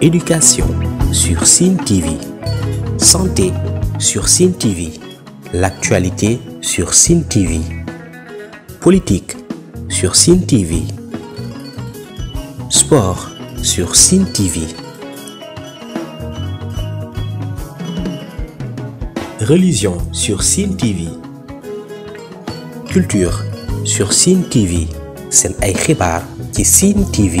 Éducation sur Cine TV. Santé sur Cine TV. L'actualité sur Cine TV. Politique sur Cine TV. Sport sur Cine TV. Religion sur Cine TV. Culture sur Cine TV. C'est ay qui Cine TV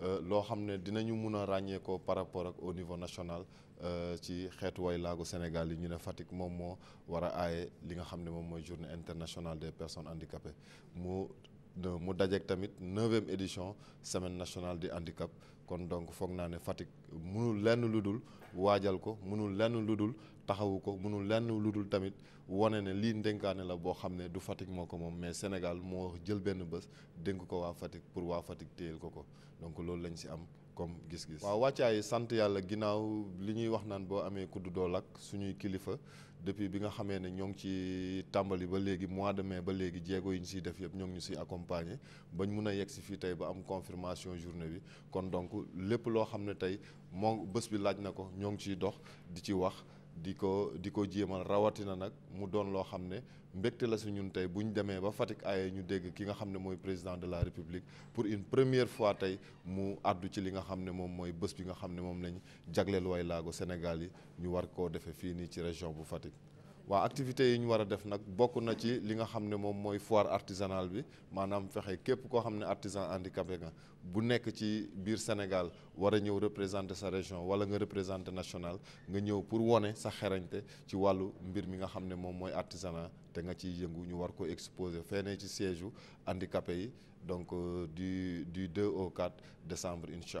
Euh, loo xam ne dinañu mun a ràññeekoo par rapport ak au niveau national euh, ci xeetu way laago Sénégal yi ñu ne Fatick moom moo war a aaye li nga xam ne moom mooy journée internationale des personnes handicapées mu mu dajeek tamit neuvième édition semaine nationale du handicap kon donc foog naa ne Fatick munul lenn lu dul waajal ko munul lenn lu taxawu ko mënul lenn lu tamit wane ne lii ndénkaane la boo xam ne du Fatick moo ko moom mais Sénégal moo jël benn bés dénk ko waa Fatick pour waa Fatick téyel ko ko donc loolu lañ si am comme gis-gis waaw wàccaa yi sant yàlla ginnaaw li ñuy wax naan boo amee kudd dool ak suñuy kilifa depuis bi nga xamee ne ñoo ngi ci tàmbali ba léegi mois de mai ba léegi jéego yi ñu siy def yëpp ñoo ñu siy accompagner bañ mun a yegg si fii ba am confirmation journée bi kon donc lépp loo xam ne tey moo bés bi laaj na ko ñoo ngi ciy dox di ci wax di ko di ko jéemal rawatina nag mu doon loo xam ne mbégte la si ñun tey bu ñu demee ba Fatick ay e ñu dégg ki nga xam ne mooy président de la République pour une première fois tey mu àddu ci li nga xam ne moom mooy bés bi nga xam ne moom lañ jagleel way laago Sénégal yi ñu war koo defee fii nii ci région bu Fatick. waa activité yi ñu war a def nag bokk na ci li nga foire artisanale bi maanaam fexe képp koo xam artisan handicapé Si bu nekk ci biir Sénégal vous devez représenter sa région wala nga représenter national nga ñëw pour voir sa xerañte ci wàllu mbir mi nga xam ne artisanat te nga ciy yëngu ñu exposer fenee ci siège handicapé donc euh, du du 2 au 4 décembre incha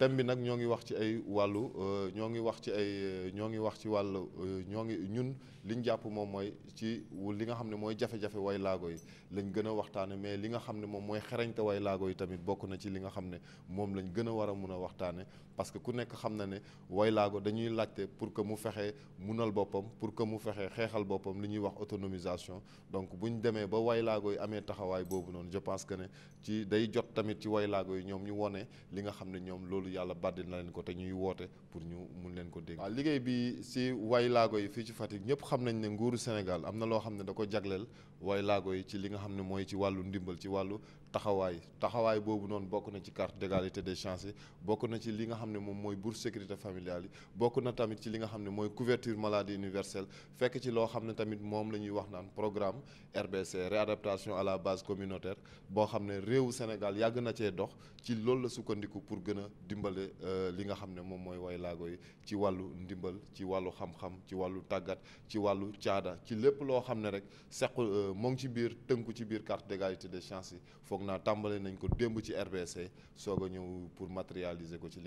thème bi nag ñoo ngi wax ci ay wàllu euh, ñoo ngi wax ci ay euh, ñoo ngi wax ci wàllu euh, ñoo ngi ñun li ñu jàpp moom mooy ci li nga xam ne mooy jafe-jafe way laago yi lañ gën a waxtaane mais li nga xam ne moom mooy xerañte way laago yi tamit bokk na ci li nga xam ne moom lañ gën a war a mun a waxtaane parce que ku nekk xam na ne Woylaago dañuy laajte pour que mu fexe munal boppam pour que mu fexe xeexal boppam li ñuy wax autonomisation donc buñ ñu demee ba Woylaago yi amee taxawaay boobu noonu je pense que ne ci day jot tamit ci Woylaago yi ñoom ñu wone li nga xam ne ñoom loolu yàlla bàddi na leen ko te ñuy woote pour ñu mun leen ko dégg. waaw liggéey bi si Woylaago yi fii ci Fatick ñëpp xam nañ ne nguuru Sénégal am na loo xam ne da ko jagleel Woylaago yi ci li nga xam ne mooy ci wàllu ndimbal ci wàllu taxawaay taxawaay boobu noonu bokk na ci carte d'égalité des chances bokk na ci li nga xam xam moom mooy bourse sécurité familiale yi bokk na tamit ci li nga xam ne mooy couverture maladie universelle fekk ci loo xam ne tamit moom la ñuy wax naan programme RBC réadaptation à la base communautaire boo xam ne réewu Sénégal yàgg na cee dox ci loolu la sukkandiku pour gën a dimbale euh, li nga xam ne moom mooy way laago yi ci wàllu ndimbal ci wàllu xam-xam ci wàllu tàggat ci wàllu caada ci lépp loo xam ne rek sequ euh, moo ngi ci biir tënku ci biir carte d'égalité des chances yi foog naa tàmbale nañ ko démb ci RBC soog a ñëw pour li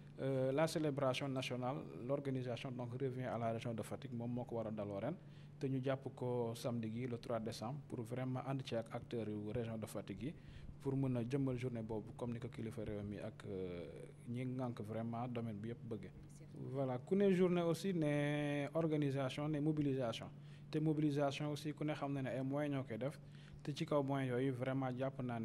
Euh, la célébration nationale l'organisation donc revient à la région de Fatick moom moo ko war a daloo ren te ñu jàpp ko samedi le 3 décembre pour vraiment ànd ci ak acteurs région de Fatigue, pour mën a jëmmal journée boobu comme ni ko kilifa réew mi ak euh, ñi vraiment domaine bi yëpp voilà une journée aussi ne organisation ne mobilisation te mobilisation aussi ku ne xam na ne ay moyens ñoo def te ci kaw moyens vraiment japonais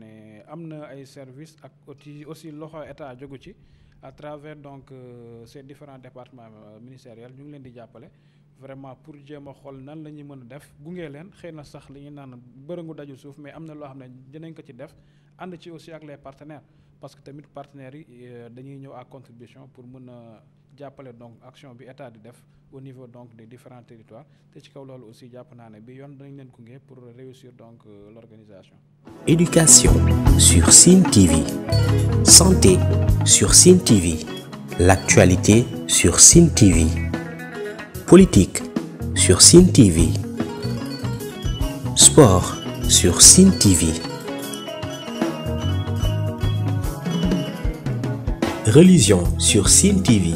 naa un service ay services ak aussi aussi loxo état jógu ci à travers donc euh, ces différents départements euh, ministériels ñu ngi leen di jàppale vraiment pour jéem a xool nan la ñuy mën a def gunge leen xëy na sax li naan bërëngu suuf mais am na loo xam ne dinañ ko ci def ànd ci aussi ak les partenaires parce que tamit partenaires yi euh, dañuy ñëw à contribution pour mën a jàppale donc action bi état di def au niveau donc des différents territoires te ci kaw loolu aussi jàpp naa ne bi yoon dañ leen gunge pour réussir donc l'organisation. Éducation sur Sine TV santé sur Cine TV. L'actualité sur Cine TV. Politique sur Cine TV. Sport sur Cine TV. Religion sur Cine TV.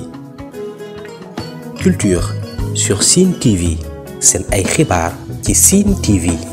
Culture sur Cine TV. C'est un écrit par Cine TV.